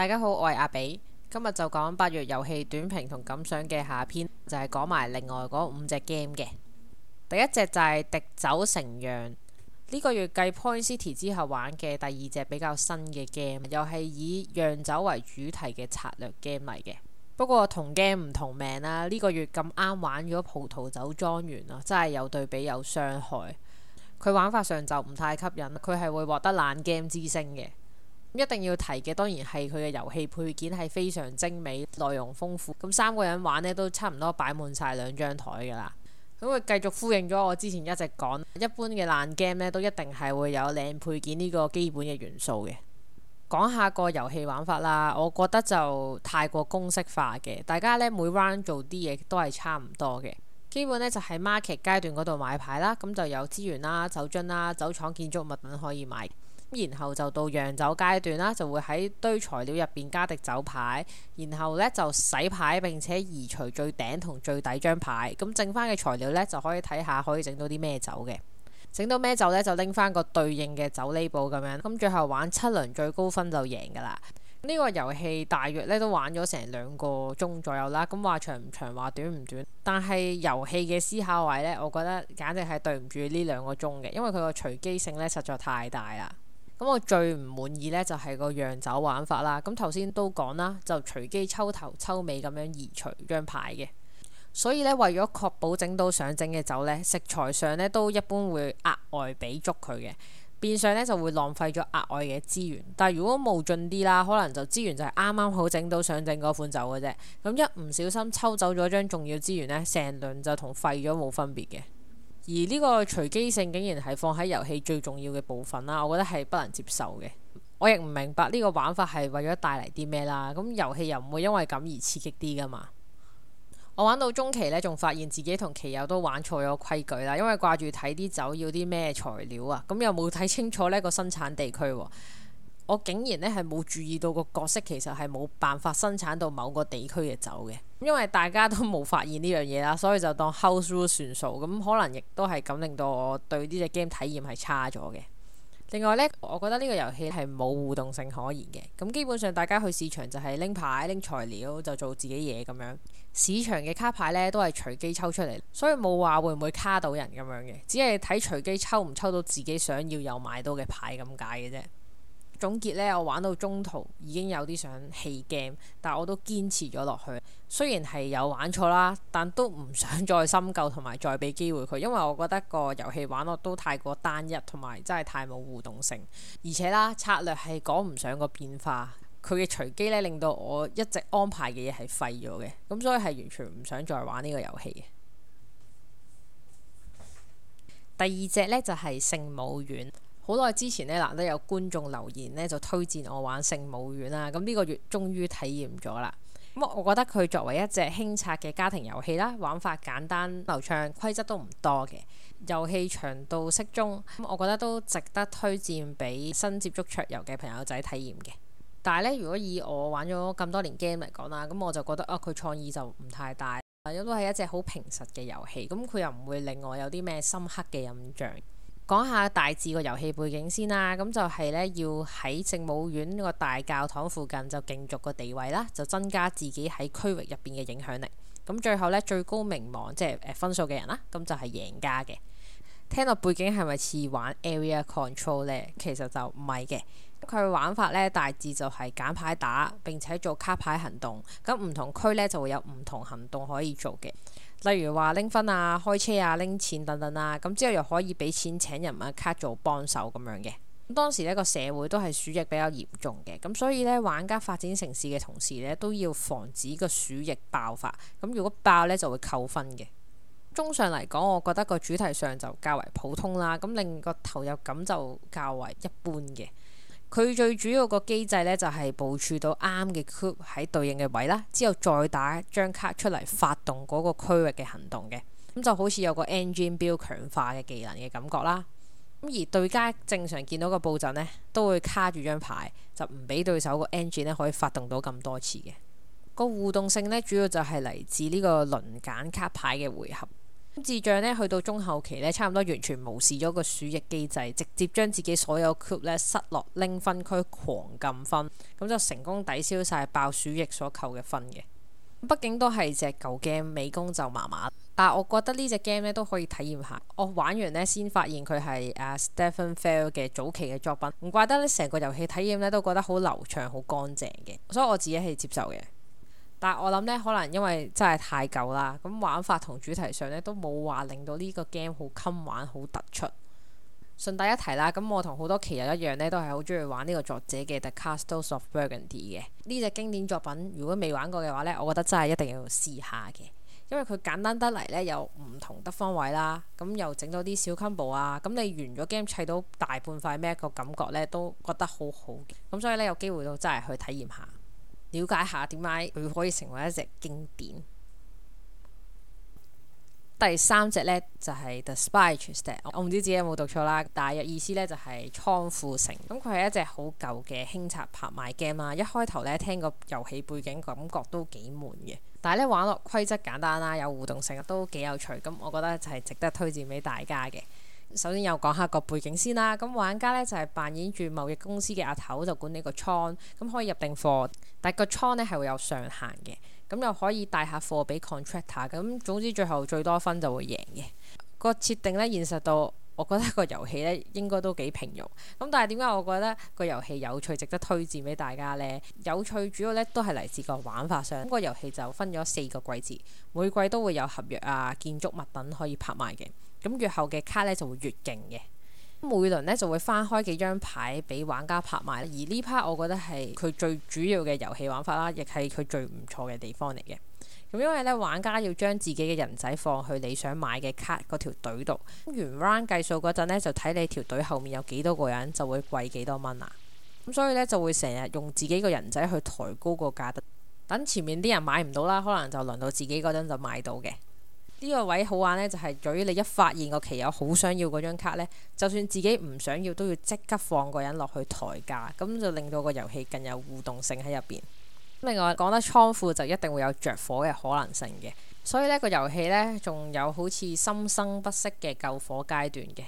大家好，我係阿比，今日就講八月遊戲短評同感想嘅下篇，就係講埋另外嗰五隻 game 嘅。第一隻就係、是、滴酒成釀，呢、這個月繼 Poison City 之後玩嘅第二隻比較新嘅 game，又係以釀酒為主題嘅策略 game 嚟嘅。不過同 game 唔同命啦、啊，呢、這個月咁啱玩咗葡萄酒莊園咯，真係有對比有傷害。佢玩法上就唔太吸引，佢係會獲得爛 game 之星嘅。一定要提嘅，當然係佢嘅遊戲配件係非常精美，內容豐富。咁三個人玩呢都差唔多擺滿晒兩張台㗎啦。咁佢繼續呼應咗我之前一直講，一般嘅爛 game 呢都一定係會有靚配件呢個基本嘅元素嘅。講下個遊戲玩法啦，我覺得就太過公式化嘅。大家呢每 round 做啲嘢都係差唔多嘅，基本呢就係喺 market 階段嗰度買牌啦，咁就有資源啦、酒樽啦、酒廠建築物品可以買。咁然後就到釀酒階段啦，就會喺堆材料入邊加滴酒牌，然後呢就洗牌，並且移除最頂同最底張牌。咁剩翻嘅材料呢，就可以睇下可以整到啲咩酒嘅。整到咩酒呢，就拎翻個對應嘅酒呢布咁樣。咁、嗯、最後玩七輪最高分就贏噶啦。呢、呢個遊戲大約呢都玩咗成兩個鐘左右啦。咁話長唔長，話短唔短，但係遊戲嘅思考位呢，我覺得簡直係對唔住呢兩個鐘嘅，因為佢個隨機性呢實在太大啦。咁我最唔滿意呢，就係個釀酒玩法啦。咁頭先都講啦，就隨機抽頭抽尾咁樣移除張牌嘅。所以呢，為咗確保整到想整嘅酒呢，食材上呢都一般會額外俾足佢嘅，變相呢就會浪費咗額外嘅資源。但係如果冒進啲啦，可能就資源就係啱啱好整到想整嗰款酒嘅啫。咁一唔小心抽走咗張重要資源呢，成輪就同廢咗冇分別嘅。而呢個隨機性竟然係放喺遊戲最重要嘅部分啦，我覺得係不能接受嘅。我亦唔明白呢個玩法係為咗帶嚟啲咩啦。咁遊戲又唔會因為咁而刺激啲噶嘛？我玩到中期呢，仲發現自己同棋友都玩錯咗規矩啦，因為掛住睇啲酒要啲咩材料啊，咁又冇睇清楚呢個生產地區喎。我竟然呢係冇注意到個角色其實係冇辦法生產到某個地區嘅酒嘅，因為大家都冇發現呢樣嘢啦，所以就當 house 算數咁，可能亦都係咁令到我對呢隻 game 體驗係差咗嘅。另外呢，我覺得呢個遊戲係冇互動性可言嘅。咁基本上大家去市場就係拎牌拎材料就做自己嘢咁樣，市場嘅卡牌呢都係隨機抽出嚟，所以冇話會唔會卡到人咁樣嘅，只係睇隨機抽唔抽到自己想要又買到嘅牌咁解嘅啫。總結呢，我玩到中途已經有啲想棄 game，但我都堅持咗落去。雖然係有玩錯啦，但都唔想再深究同埋再俾機會佢，因為我覺得個遊戲玩落都太過單一，同埋真係太冇互動性。而且啦，策略係講唔上個變化，佢嘅隨機呢令到我一直安排嘅嘢係廢咗嘅，咁所以係完全唔想再玩呢個遊戲。第二隻呢，就係、是、聖母院。好耐之前呢，難得有觀眾留言呢，就推薦我玩《聖母院》啦。咁呢個月終於體驗咗啦。咁我覺得佢作為一隻輕策嘅家庭遊戲啦，玩法簡單流暢，規則都唔多嘅，遊戲長度適中。咁我覺得都值得推薦俾新接觸桌遊嘅朋友仔體驗嘅。但係呢，如果以我玩咗咁多年 game 嚟講啦，咁我就覺得啊，佢創意就唔太大，都係一隻好平實嘅遊戲。咁佢又唔會令我有啲咩深刻嘅印象。講下大致個遊戲背景先啦，咁就係咧要喺聖母院個大教堂附近就競逐個地位啦，就增加自己喺區域入邊嘅影響力。咁最後咧最高名望即係誒分數嘅人啦，咁就係贏家嘅。聽落背景係咪似玩 Area Control 呢？其實就唔係嘅。佢玩法呢大致就係揀牌打，並且做卡牌行動。咁唔同區呢就會有唔同行動可以做嘅。例如話拎分啊、開車啊、拎錢等等啦，啊。咁之後又可以俾錢請人物卡做幫手咁樣嘅。當時呢個社會都係鼠疫比較嚴重嘅，咁所以呢，玩家發展城市嘅同時呢，都要防止個鼠疫爆發。咁如果爆呢，就會扣分嘅。綜上嚟講，我覺得個主題上就較為普通啦。咁令個投入感就較為一般嘅。佢最主要個機制呢，就係、是、部署到啱嘅 cube 喺對應嘅位啦，之後再打張卡出嚟發動嗰個區域嘅行動嘅。咁就好似有個 engine 標強化嘅技能嘅感覺啦。咁而對家正常見到個布陣呢，都會卡住張牌，就唔俾對手個 engine 可以發動到咁多次嘅。個互動性呢，主要就係嚟自呢個輪揀卡牌嘅回合。智障呢，去到中後期呢，差唔多完全無視咗個鼠疫機制，直接將自己所有 cube 呢塞落拎分區狂撳分，咁就成功抵消晒爆鼠疫所扣嘅分嘅。畢竟都係隻舊 game，美工就麻麻，但係我覺得呢隻 game 呢都可以體驗下。我玩完呢，先發現佢係、uh, Stephen Fair 嘅早期嘅作品，唔怪得呢成個遊戲體驗呢都覺得好流暢、好乾淨嘅，所以我自己係接受嘅。但係我諗呢，可能因為真係太舊啦，咁玩法同主題上呢，都冇話令到呢個 game 好襟玩好突出。順帶一提啦，咁我同好多棋友一樣呢，都係好中意玩呢個作者嘅《The Castles of Burgundy》嘅呢隻經典作品。如果未玩過嘅話呢，我覺得真係一定要試下嘅，因為佢簡單得嚟呢，又唔同得方位啦，咁又整到啲小 combo 啊，咁你完咗 game 砌到大半塊咩個感覺呢，都覺得好好嘅，咁所以呢，有機會真係去體驗下。了解下點解佢可以成為一隻經典。第三隻呢就係、是、The Speicherstadt 我唔知自己有冇讀錯啦，但係意思呢就係、是、倉庫城。咁佢係一隻好舊嘅輕策拍賣 game 啦。一開頭呢，聽個遊戲背景感覺都幾悶嘅，但係呢玩落規則簡單啦，有互動性都幾有趣。咁我覺得就係值得推薦俾大家嘅。首先又講下個背景先啦。咁玩家呢，就係扮演住貿易公司嘅阿頭，就管理個倉，咁可以入定貨，但係個倉呢，係會有上限嘅。咁又可以帶下貨俾 contractor，咁總之最後最多分就會贏嘅個設定呢。現實度，我覺得個遊戲呢，應該都幾平庸。咁但係點解我覺得個遊戲有趣，值得推薦俾大家呢？有趣主要呢，都係嚟自個玩法上。個遊戲就分咗四個季節，每季都會有合約啊、建築物品可以拍賣嘅。咁越後嘅卡咧，就會越勁嘅，每輪呢就會翻開幾張牌俾玩家拍賣啦。而呢 part 我覺得係佢最主要嘅遊戲玩法啦，亦係佢最唔錯嘅地方嚟嘅。咁因為呢，玩家要將自己嘅人仔放去你想買嘅卡嗰條隊度，咁完 round 計數嗰陣呢，就睇你條隊後面有幾多個人，就會貴幾多蚊啦，啊。咁所以呢，就會成日用自己嘅人仔去抬高個價，等前面啲人買唔到啦，可能就輪到自己嗰陣就買到嘅。呢個位好玩呢，就係由於你一發現個棋友好想要嗰張卡呢，就算自己唔想要，都要即刻放個人落去抬價，咁就令到個遊戲更有互動性喺入邊。另外講得倉庫就一定會有着火嘅可能性嘅，所以呢個遊戲呢，仲有好似生生不息嘅救火階段嘅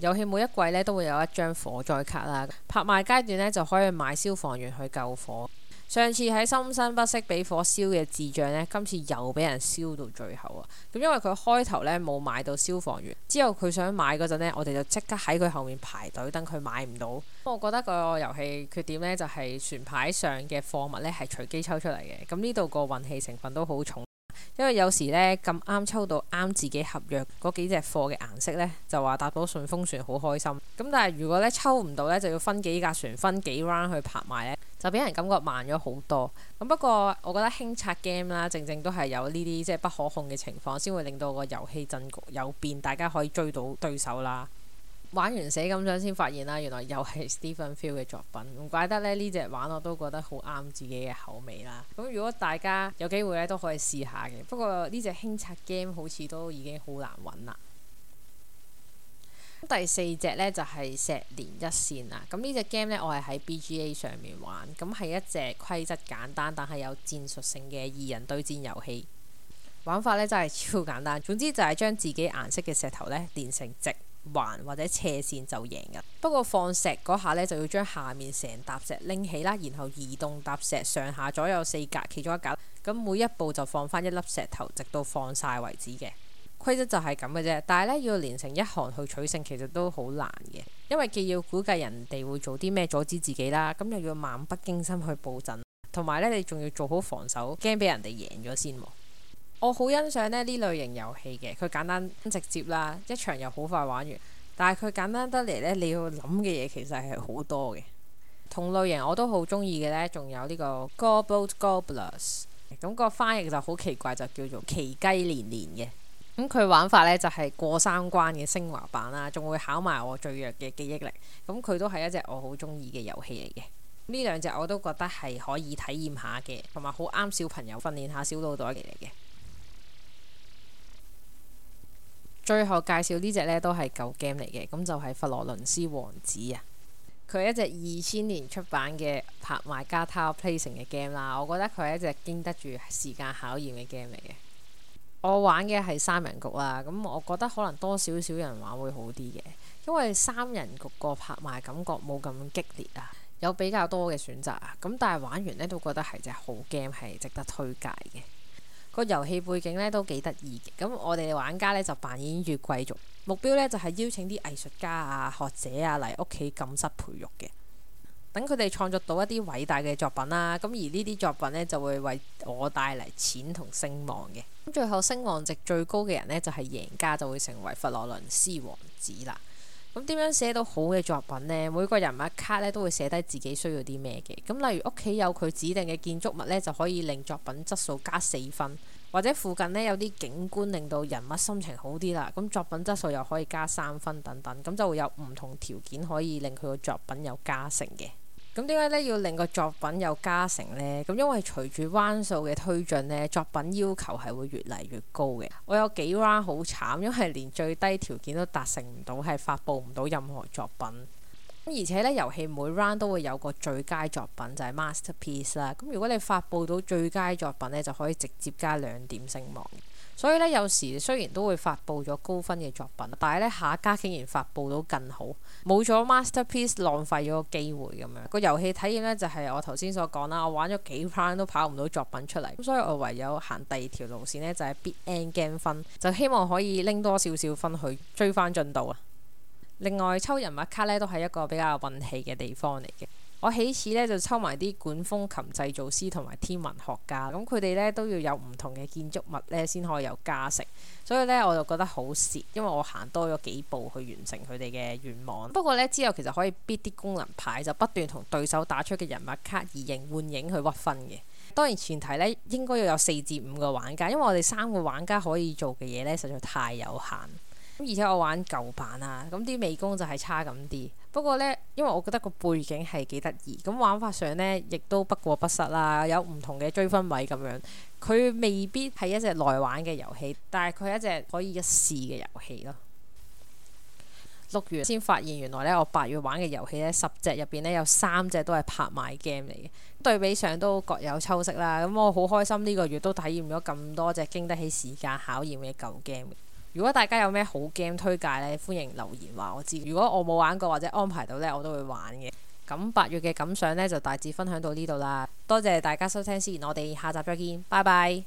遊戲，遊戲每一季呢都會有一張火災卡啦，拍賣階段呢就可以買消防員去救火。上次喺深深不息俾火燒嘅智障呢，今次又俾人燒到最後啊！咁因為佢開頭呢冇買到消防員，之後佢想買嗰陣呢，我哋就即刻喺佢後面排隊等佢買唔到。我覺得個遊戲缺點呢，就係船牌上嘅貨物呢係隨機抽出嚟嘅，咁呢度個運氣成分都好重。因為有時呢咁啱抽到啱自己合約嗰幾隻貨嘅顏色呢，就話搭到順風船好開心。咁但係如果呢抽唔到呢，就要分幾架船分幾 round 去拍賣呢。就俾人感覺慢咗好多，咁不過我覺得輕策 game 啦，正正都係有呢啲即係不可控嘅情況，先會令到個遊戲陣局有變，大家可以追到對手啦。玩完死咁樣先發現啦、啊，原來又係 Stefan Feld 嘅作品，唔怪得咧呢隻、這個、玩我都覺得好啱自己嘅口味啦。咁如果大家有機會咧都可以試下嘅，不過呢隻輕策 game 好似都已經好難揾啦。第四隻呢，就係石連一線啦。咁呢隻 game 呢，我係喺 B G A 上面玩，咁係一隻規則簡單但係有戰術性嘅二人對戰遊戲。玩法呢，真係超簡單，總之就係將自己顏色嘅石頭呢，連成直橫或者斜線就贏㗎。不過放石嗰下呢，就要將下面成沓石拎起啦，然後移動搭石上下左右四格其中一格。咁每一步就放翻一粒石頭，直到放晒為止嘅。規則就係咁嘅啫，但係呢，要連成一行去取勝，其實都好難嘅，因為既要估計人哋會做啲咩阻止自己啦，咁又要漫不經心去布陣，同埋呢，你仲要做好防守，驚俾人哋贏咗先。我好欣賞咧呢類型遊戲嘅，佢簡單直接啦，一場又好快玩完。但係佢簡單得嚟呢，你要諗嘅嘢其實係好多嘅。同類型我都好中意嘅呢，仲有呢個 Gobblet Gobblers，咁個翻譯就好奇怪，就叫做奇雞連連嘅。咁佢玩法呢就係過三關嘅升華版啦，仲會考埋我最弱嘅記憶力。咁佢都係一隻我好中意嘅遊戲嚟嘅。呢兩隻我都覺得係可以體驗下嘅，同埋好啱小朋友訓練下小腦袋嚟嘅。最後介紹呢隻呢都係舊 game 嚟嘅，咁就係、是《佛羅倫斯王子》啊。佢係一隻二千年出版嘅拍賣加 tower placing 嘅 game 啦。我覺得佢係一隻經得住時間考驗嘅 game 嚟嘅。我玩嘅係三人局啦，咁我覺得可能多少少人玩會好啲嘅，因為三人局個拍賣感覺冇咁激烈啊，有比較多嘅選擇啊。咁但係玩完呢，都覺得係隻好 game，係值得推介嘅。個遊戲背景呢，都幾得意嘅，咁我哋玩家呢，就扮演住貴族，目標呢，就係邀請啲藝術家啊、學者啊嚟屋企禁室培育嘅。等佢哋創作到一啲偉大嘅作品啦，咁而呢啲作品呢，就會為我帶嚟錢同聲望嘅。咁最後聲望值最高嘅人呢，就係贏家，就會成為佛羅倫斯王子啦。咁點樣寫到好嘅作品呢？每個人物卡呢，都會寫低自己需要啲咩嘅。咁例如屋企有佢指定嘅建築物呢，就可以令作品質素加四分；或者附近呢，有啲景觀，令到人物心情好啲啦，咁作品質素又可以加三分等等。咁就會有唔同條件可以令佢個作品有加成嘅。咁點解咧要令個作品有加成呢？咁因為隨住 round 數嘅推進呢，作品要求係會越嚟越高嘅。我有幾 round 好慘，因為連最低條件都達成唔到，係發佈唔到任何作品。咁而且咧，遊戲每 round 都會有個最佳作品，就係 masterpiece 啦。咁如果你發佈到最佳作品呢，就可以直接加兩點聲望。所以咧，有時雖然都會發布咗高分嘅作品，但係咧下一家竟然發布到更好，冇咗 masterpiece，浪費咗個機會。咁樣個遊戲體驗咧，就係我頭先所講啦。我玩咗幾 round 都跑唔到作品出嚟，咁所以我唯有行第二條路線呢，就係 bit n game 分，就希望可以拎多少少分去追翻進度啊。另外，抽人物卡咧都係一個比較運氣嘅地方嚟嘅。我起始咧就抽埋啲管風琴製造師同埋天文學家，咁佢哋咧都要有唔同嘅建築物咧先可以有加成，所以咧我就覺得好蝕，因為我行多咗幾步去完成佢哋嘅願望。不過咧之後其實可以迫啲功能牌，就不斷同對手打出嘅人物卡以形換影去屈分嘅。當然前提咧應該要有四至五個玩家，因為我哋三個玩家可以做嘅嘢咧實在太有限。咁而且我玩舊版啊，咁啲美工就係差咁啲。不過呢，因為我覺得個背景係幾得意，咁玩法上呢亦都不過不失啦，有唔同嘅追分位咁樣。佢未必係一隻耐玩嘅遊戲，但係佢係一隻可以一試嘅遊戲咯。六月先發現原來呢我八月玩嘅遊戲呢，十隻入邊呢有三隻都係拍賣 game 嚟嘅，對比上都各有秋色啦。咁我好開心呢個月都體驗咗咁多隻經得起時間考驗嘅舊 game。如果大家有咩好 game 推介呢，歡迎留言話我知。如果我冇玩過或者安排到呢，我都會玩嘅。咁八月嘅感想呢，就大致分享到呢度啦。多謝大家收聽，先我哋下集再見，拜拜。